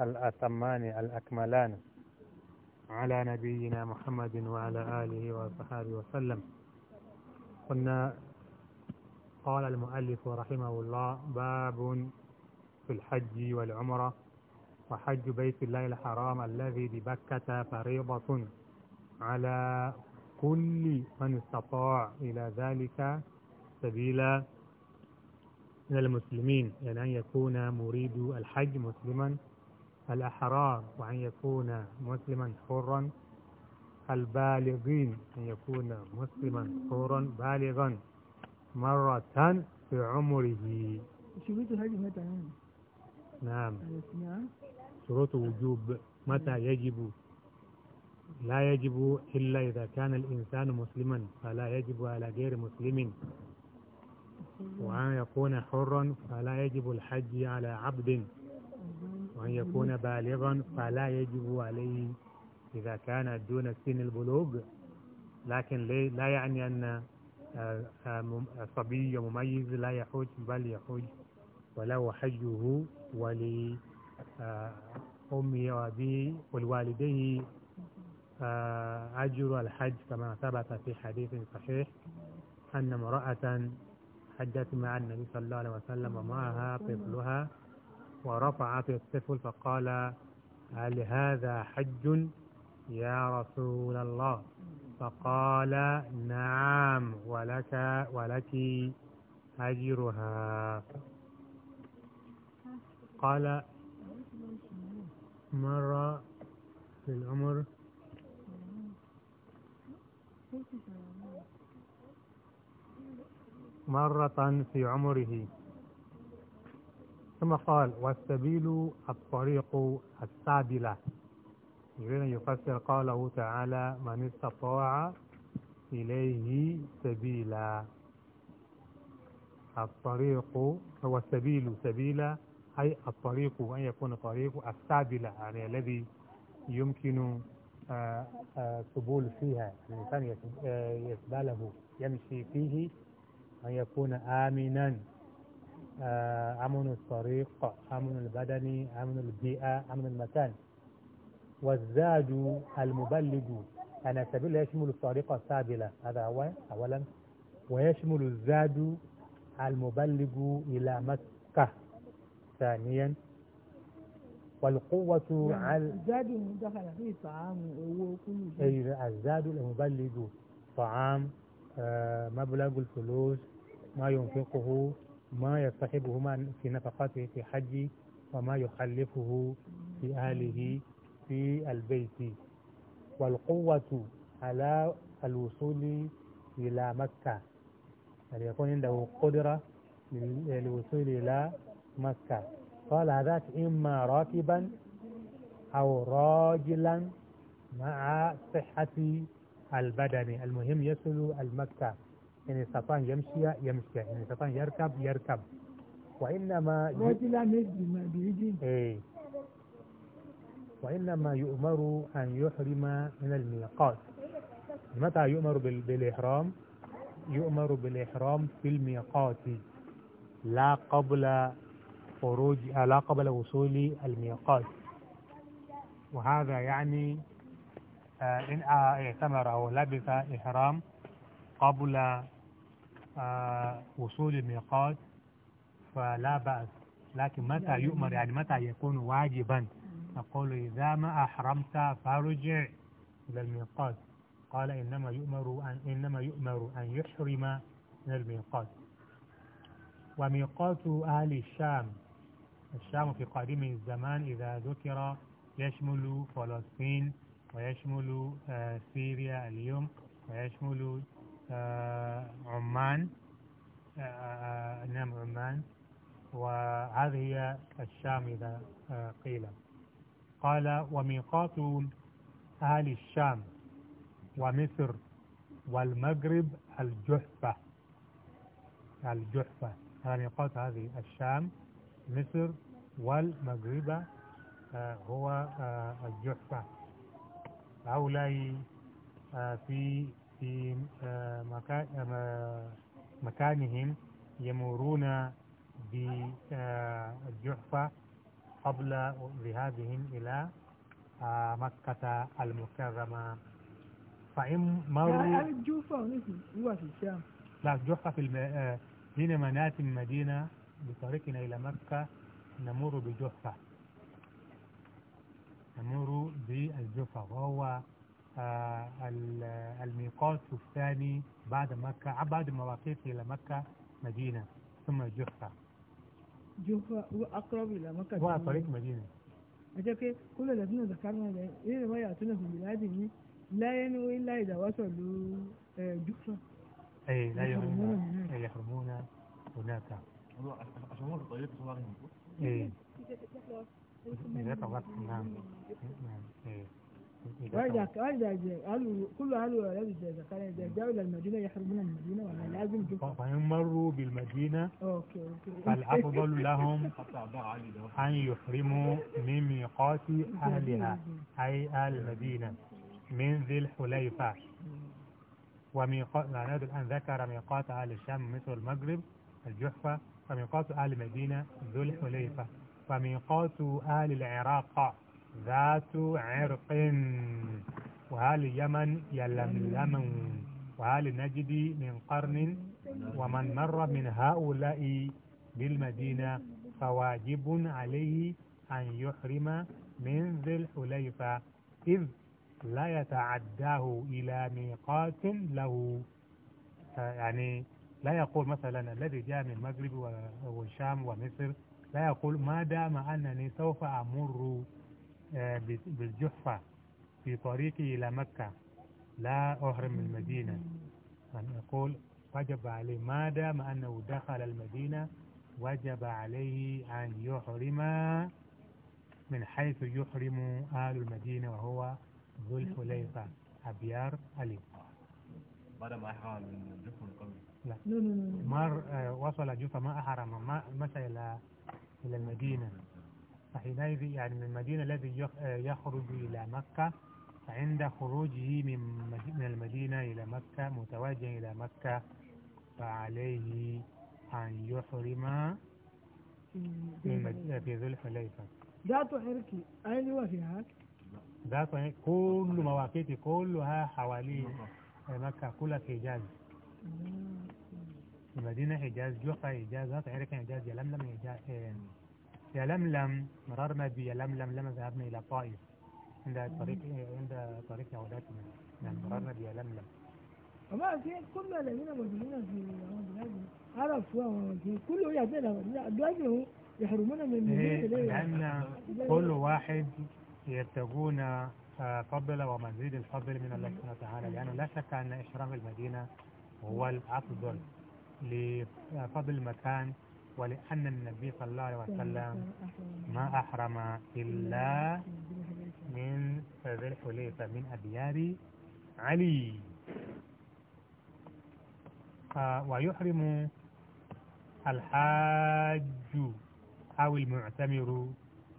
الأتمان الأكملان على نبينا محمد وعلى آله وصحبه وسلم قلنا قال المؤلف رحمه الله باب في الحج والعمرة وحج بيت الله الحرام الذي ببكة فريضة على كل من استطاع إلى ذلك سبيلا من المسلمين يعني أن يكون مريد الحج مسلما الأحرار وأن يكون مسلما حرا البالغين أن يكون مسلما حرا بالغا مرة في عمره شروط هذه متى نعم. نعم شروط وجوب متى يجب لا يجب إلا إذا كان الإنسان مسلما فلا يجب على غير مسلم وأن يكون حرا فلا يجب الحج على عبد وأن يكون بالغا فلا يجب عليه إذا كان دون سن البلوغ لكن لا يعني أن آه، آه، آه، صبي مميز لا يحج بل يحج وله حجه ولي أمي وأبيه والوالديه أجر الحج كما ثبت في حديث صحيح أن امرأة حجت مع النبي صلى الله عليه وسلم ومعها طفلها ورفع في الطفل فقال هل هذا حج يا رسول الله فقال نعم ولك ولك أجرها قال مرة في العمر مرة في عمره ثم قال والسبيل الطريق السادلة يريد يفسر قاله تعالى من استطاع إليه سبيلا الطريق هو السبيل سبيلا أي الطريق أن يكون طريق السابلة يعني الذي يمكن آه، آه، سبول فيها يعني الإنسان آه، يسبله يمشي فيه أن يكون آمنا آه، أمن الطريق أمن البدني أمن البيئة أمن المكان والزاد المبلد أنا سبيل يشمل الطريق السابلة هذا هو أولا ويشمل الزاد المبلغ إلى مكة ثانيا والقوة على يعني الزاد المدخل فيه طعام وكل الزاد المبلغ طعام آه، مبلغ الفلوس ما ينفقه ما يصطحبهما في نفقاته في حجه وما يخلفه في أهله في البيت والقوة على الوصول إلى مكة ان يكون عنده قدرة للوصول إلى مكة قال هذاك إما راكبا أو راجلا مع صحة البدن المهم يصل المكة إن استطاع يمشي يمشي إن استطاع يركب يركب وإنما ي... أي وإنما يؤمر أن يحرم من الميقات متى يؤمر بالإحرام يؤمر بالإحرام في الميقات لا قبل خروج لا قبل وصول الميقات وهذا يعني آه، إن آه، اعتمر أو لبس إحرام قبل وصول الميقات فلا بأس لكن متى يؤمر يعني متى يكون واجبا نقول إذا ما أحرمت فارجع إلى الميقات قال إنما يؤمر أن إنما يؤمر أن يحرم من الميقات وميقات أهل الشام الشام في قديم الزمان إذا ذكر يشمل فلسطين ويشمل آه، سوريا اليوم ويشمل آه، عمان آه، آه، نعم عمان وهذه هي الشام إذا قيل قال وميقات أهل الشام ومصر والمغرب الجحفة الجحفة هذا ميقات هذه الشام مصر والمغرب هو الجحفة هؤلاء في في آه، آه، مكانهم يمرون بالجحفة آه، قبل ذهابهم إلى مكة المكرمة فإن مروا يعني الجحفة هو في الشام لا الجحفة في الم... حينما نأتي المدينة بطريقنا إلى مكة نمر بجحفة نمر بالجحفة وهو الميقات الثاني بعد مكة بعد مواقيت إلى مكة مدينة ثم جفة هو وأقرب إلى مكة وطريق مدينة أجاك كل الذين ذكرنا إيه ما يأتون في بلادهم لا ينوي إلا إذا وصلوا جفة أي لا يحرمون يحرمون هناك عشان هو الطريق صلاة إيه إذا نعم نعم إيه وإذا وإذا قالوا كل قالوا لابس كان إذا جاءوا إلى المدينة يحرمون المدينة ولا آه. لازم فإن مروا بالمدينة أوكي أوكي فالأفضل لهم أن يحرموا من ميقات أهلها أي أهل المدينة من ذي الحليفة وميقات معناته الآن ذكر ميقات أهل الشام مثل المغرب الجحفة فميقات أهل المدينة ذو الحليفة وميقات أهل العراق ذات عرق وهل يمن يلملم وهل نجد من قرن ومن مر من هؤلاء بالمدينة فواجب عليه أن يحرم من ذي الحليفة إذ لا يتعداه إلى ميقات له يعني لا يقول مثلا الذي جاء من المغرب والشام ومصر لا يقول ما دام أنني سوف أمر بالجحفة في طريقي إلى مكة لا أهرم المدينة أن أقول وجب عليه ما دام أنه دخل المدينة وجب عليه أن يحرم من حيث يحرم أهل المدينة وهو ذو الحليفة أبيار ألي بعد ما أحرم من القوي لا مر آه، وصل جفة ما أحرم ما مشى إلى إلى المدينة فحينئذ يعني من المدينة الذي يخرج إلى مكة فعند خروجه من المدينة إلى مكة متوجه إلى مكة فعليه أن يحرم في ذو الحليفة ذات عركي أين وفيها؟ ذات كل مواقيت كلها حوالي مكة كلها حجاز المدينة حجاز جوفة حجاز ذات عركي حجاز جلملم حجاز إيه. يا لملم مررنا بيا لملم لما ذهبنا إلى طائف عند طريق عند طريق عودتنا يعني نعم، مررنا بيا لملم وما في كل الذين موجودين في عرف كله يعطينا لأنه يحرمونا من إيه، لأن كل واحد يرتجون آه، فضل ومزيد الفضل من الله سبحانه وتعالى لأنه لا شك أن إحرام المدينة هو الأفضل لفضل المكان ولأن النبي صلى الله عليه وسلم ما أحرم إلا من ذي الحليفة من أديار علي ويحرم الحاج أو المعتمر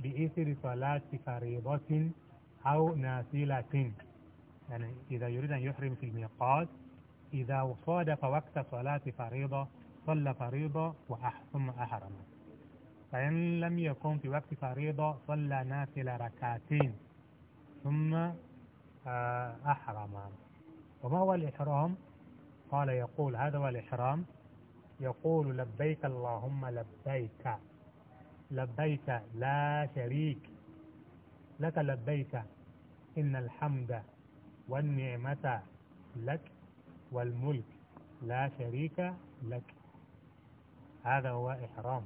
بإثر صلاة فريضة أو نافلة يعني إذا يريد أن يحرم في الميقات إذا صادف وقت صلاة فريضة صلى فريضة ثم أحرم فإن لم يكن في وقت فريضة صلى نافلة ركعتين ثم آه، أحرم وما هو الإحرام قال يقول هذا هو الإحرام يقول لبيك اللهم لبيك لبيك لا شريك لك لبيك إن الحمد والنعمة لك والملك لا شريك لك هذا هو إحرام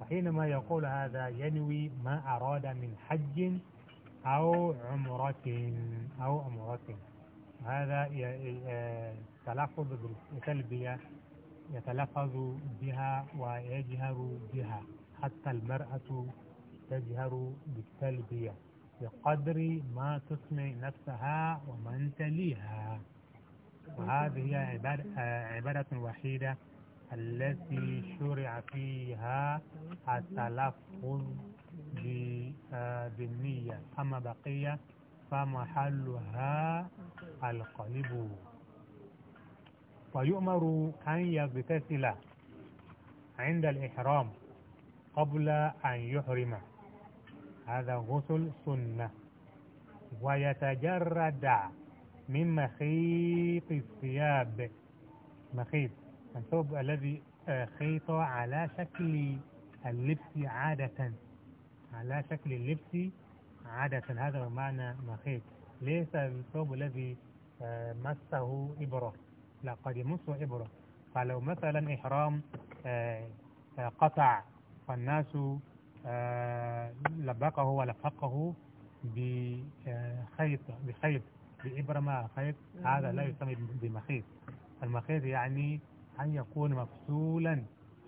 وحينما يقول هذا ينوي ما أراد من حج أو عمرة أو عمرة هذا آه، تلفظ بالتلبية يتلفظ بها ويجهر بها حتى المرأة تجهر بالتلبية بقدر ما تسمع نفسها ومن تليها وهذه عبادة, آه، عبادة وحيدة التي شرع فيها التلفظ آه، بالنية أما بقية فمحلها القلب ويؤمر أن يغتسل عند الإحرام قبل أن يحرم هذا غسل سنة ويتجرد من مخيط الثياب مخيط الثوب الذي آه، خيط على شكل اللبس عادة على شكل اللبس عادة هذا هو معنى مخيط ليس الثوب الذي آه، مسه إبرة لا قد يمسه إبرة فلو مثلا إحرام آه، قطع فالناس لبقه ولفقه بخيط بخيط بإبرة ما خيط هذا لا يسمى بمخيط المخيط يعني أن يكون مفصولا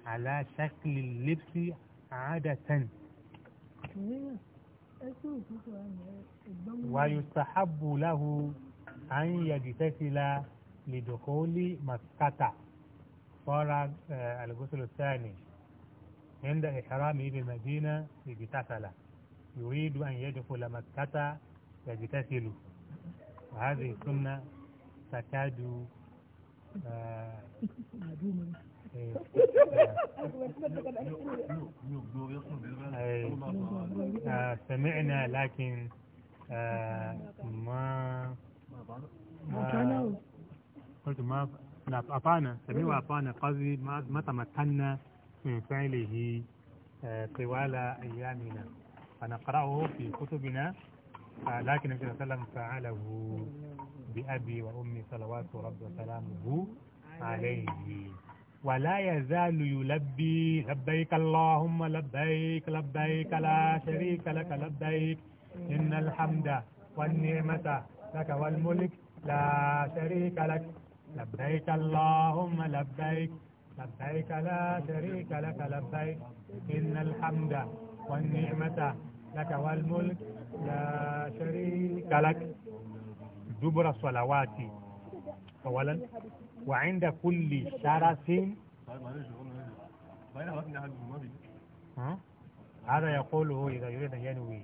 على شكل اللبس عادة ويستحب له أن يجتسل لدخول مسقطة فرع آه، الغسل الثاني عند إحرامه بالمدينة يجتسل يريد أن يدخل مكة يجتسل وهذه السنة تكاد سمعنا لكن ما ما قلت ما أطعنا سمعنا وأطعنا قصدي ما تمكنا من فعله طوال أيامنا فنقرأه في كتبنا لكن النبي صلى الله عليه وسلم فعله بأبي وأمي صلوات ربي وسلامه عليه ولا يزال يلبي لبيك اللهم لبيك لبيك لا شريك لك لبيك إن الحمد والنعمة لك والملك لا شريك لك لبيك اللهم لبيك لبيك لا شريك لك لبيك إن الحمد والنعمة لك والملك ترك دبر الصلوات أولا وعند كل شرف هذا يقوله إذا يريد أن ينوي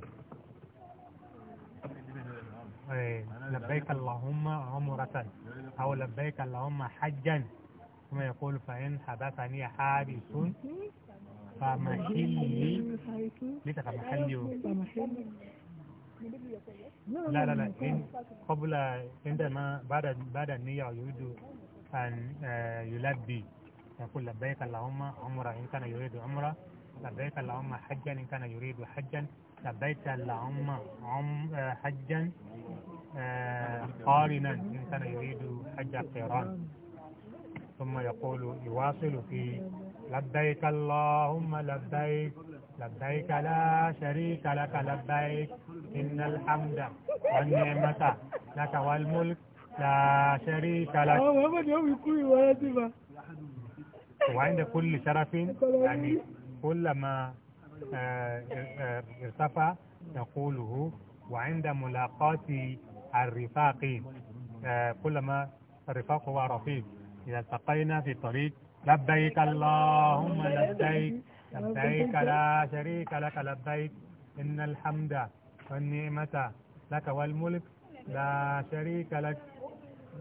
إيه، لبيك اللهم عمرة أو لبيك اللهم حجا ثم يقول فإن حدثني حادث فمحلي فمحلي لا لا لا قبل عندما بعد بعد النية يريد أن آه، يلبي يقول لبيك اللهم عمرة إن كان يريد عمرة لبيك اللهم حجا إن كان يريد حجا لبيك اللهم عم آه، حجا آه، قارنا إن كان يريد حج قيران ثم يقول يواصل في لبيك اللهم لبيك لبيك لا شريك لك لبيك إن الحمد والنعمة لك والملك لا شريك لك وعند كل شرف يعني كل ما آه، آه، ارتفع نقوله وعند ملاقاة الرفاق آه، كلما الرفاق هو رفيق إذا التقينا في الطريق لبيك اللهم لبيك لبيك لا شريك لك لبيك إن الحمد والنعمة لك والملك لا شريك لك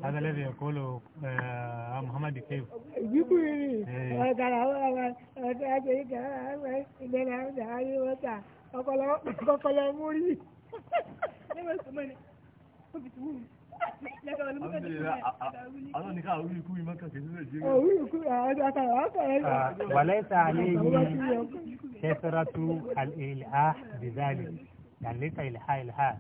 هذا الذي يقوله آه، محمد كيف آه، آه، وليس عليه كثرة الإلحاح بذلك يعني ليس إلى هاي الهاد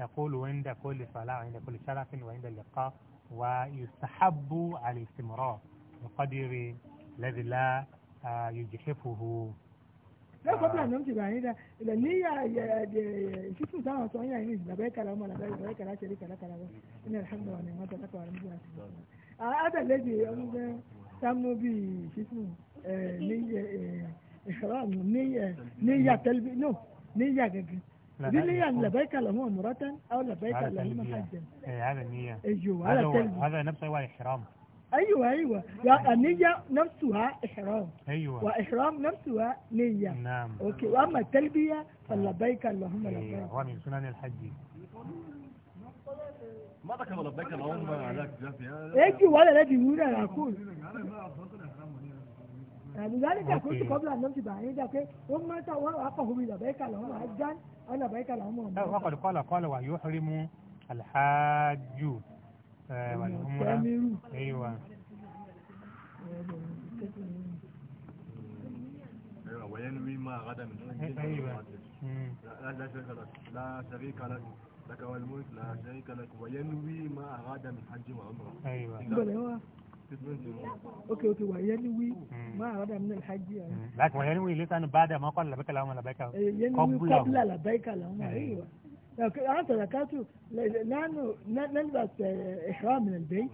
يقول عند كل صلاة عند كل شرف وعند اللقاء ويستحب على الاستمرار بقدر الذي لا آه، يجحفه لا آه. قبل ان نمشي بعيدا الى النية شفت سامع سؤالي يعني لبيك لهم لبيك لبيك لا شريك لك لا ان الحمد لله ونعمت لك وعلى مجرد آه، هذا الذي سموا به شو اسمه نية اخلاص نية نية تلبي نو نية دي اللي هي لبيك اللهم مرة أو لبيك اللهم حجا هذا النية إيه، أيوه هذا التلبية هذا نفسه هو احرام أيوة أيوة يعني النية نفسها إحرام أيوة وإحرام نفسها نية نعم أوكي وأما التلبية فلبيك اللهم إيه، لبيك هو من سنان الحج ما ذكر لبيك اللهم عليك جافية أيوة ولا لا دي أقول لذلك يعني كنت قبل أن نمشي بعيدا ثم وقفه بلبيك اللهم حجا أنا لبيك اللهم عمرة وقد قال قال ويحرم الحاج آه، يعني والعمرة أيوه, أيوة، وينوي ما غدا من أيوة لا شريك لك لا شريك لك لك والملك لا شريك لك وينوي ما غدا من حج وعمره أيوة اوكي اوكي وينوي ما اراد من الحج يعني لكن وينوي لسان بعد ما قال لبيك اللهم لبيك ينوي قبل لبيك اللهم ايوه أنت ذكرت نحن نلبس إحرام من البيت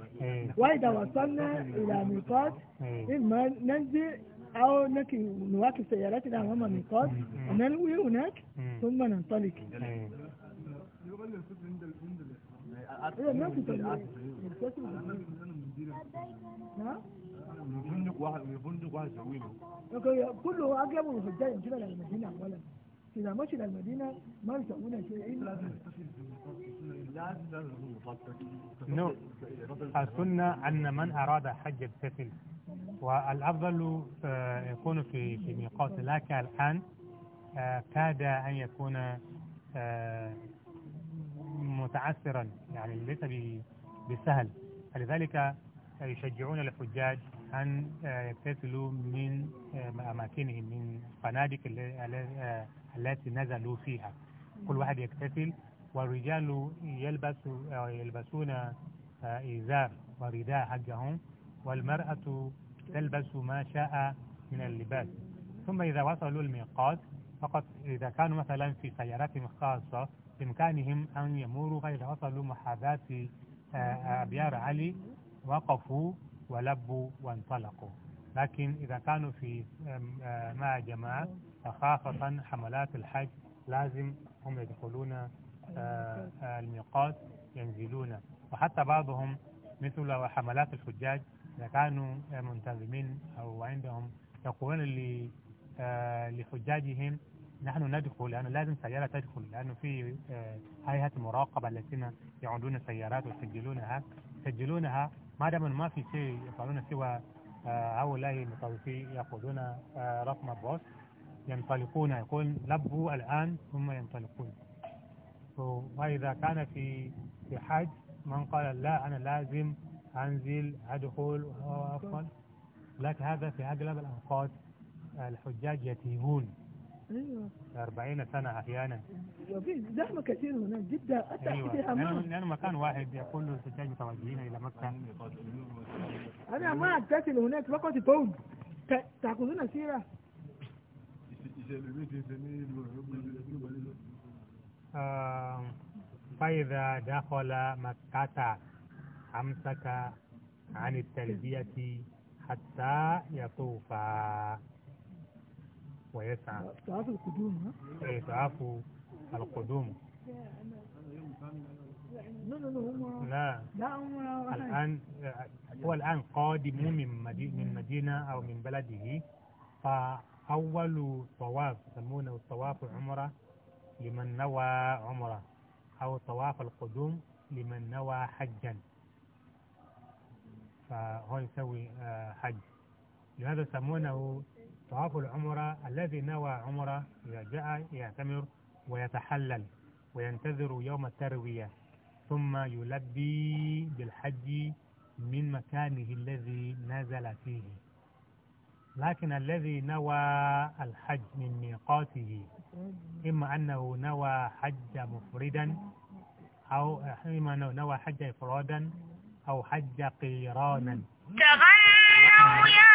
وإذا وصلنا إلى ميقات إما ننزل أو نواكب سياراتنا أمام الميقات وننوي هناك ثم ننطلق ما في نعم الفندق واحد الفندق واحد يسويله كله اجيب الحجاج من جبل المدينه اولا اذا مشي للمدينه ما يسوون شيء لازم نو السنة أن من أراد حج يبتسل والأفضل يكون في في ميقات لكن الآن كاد أن يكون متعسرا يعني ليس بسهل فلذلك يشجعون الحجاج أن آه، يبتسلوا من آه، أماكنهم من الفنادق آه، التي نزلوا فيها كل واحد يكتسل والرجال يلبس يلبسون إزار ورداء حقهم والمرأة تلبس ما شاء من اللباس ثم إذا وصلوا الميقات فقط إذا كانوا مثلا في سياراتهم الخاصة بإمكانهم أن يمروا فإذا وصلوا محاذاة أبيار علي وقفوا ولبوا وانطلقوا لكن إذا كانوا في آه، مع جماعة فخاصة حملات الحج لازم هم يدخلون آه، آه، الميقات ينزلون وحتى بعضهم مثل حملات الحجاج إذا كانوا منتظمين أو عندهم يقولون لحجاجهم نحن ندخل لأنه لازم سيارة تدخل لأنه في هيئة المراقبة التي يعودون سيارات ويسجلونها يسجلونها ما دام ما في شيء يفعلون سوى آه، هؤلاء المطوفين يأخذون آه، رقم الباص ينطلقون يقول لبوا الآن ثم ينطلقون وإذا كان في في حج من قال لا أنا لازم أنزل أدخل وأفضل لكن هذا في أغلب الأوقات الحجاج يتيهون ايوه 40 سنة احيانا في زحمة كثير هناك جدا أيوة. فيها لأنه, يعني مكان واحد يقول له الحجاج متوجهين إلى مكة أنا ما اقتتل هناك فقط فوق تأخذون سيره فإذا دخل مكة أمسك عن التلبية حتى يطوفا ويسعى تعاف القدوم ها؟ تعاف إيه، القدوم لا لا هم الآن هو الآن قادم من مدينة, من مدينة أو من بلده فأول طواف يسمونه طواف عمرة لمن نوى عمرة أو طواف القدوم لمن نوى حجا فهو يسوي آه، حج لهذا يسمونه طواف العمرة الذي نوى عمرة إذا جاء يعتمر ويتحلل وينتظر يوم التروية ثم يلبي بالحج من مكانه الذي نزل فيه لكن الذي نوى الحج من ميقاته إما أنه نوى حج مفردا أو إما أنه نوى حج إفرادا أو حج قيرانا تغيروا يا